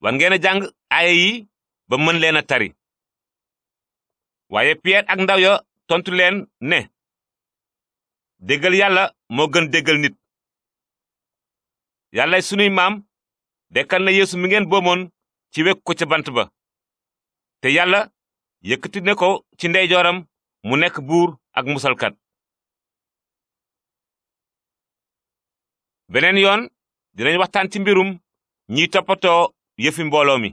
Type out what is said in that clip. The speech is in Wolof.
war ngeen a jàng aaya yi ba mën leen a tari waaye Pierre ak ndaw ya tontu leen ne déggal yàlla moo gën déggal nit yàlla sunuy maam dekkal na yeesu mi ngeen boomoon ci wekk ko ca bant ba te yàlla yëkkati ne ko ci ndeyjooram mu nekk buur ak musalkat beneen yoon dinañ waxtaan ci mbirum ñiy toppatoo yëfi mbooloo mi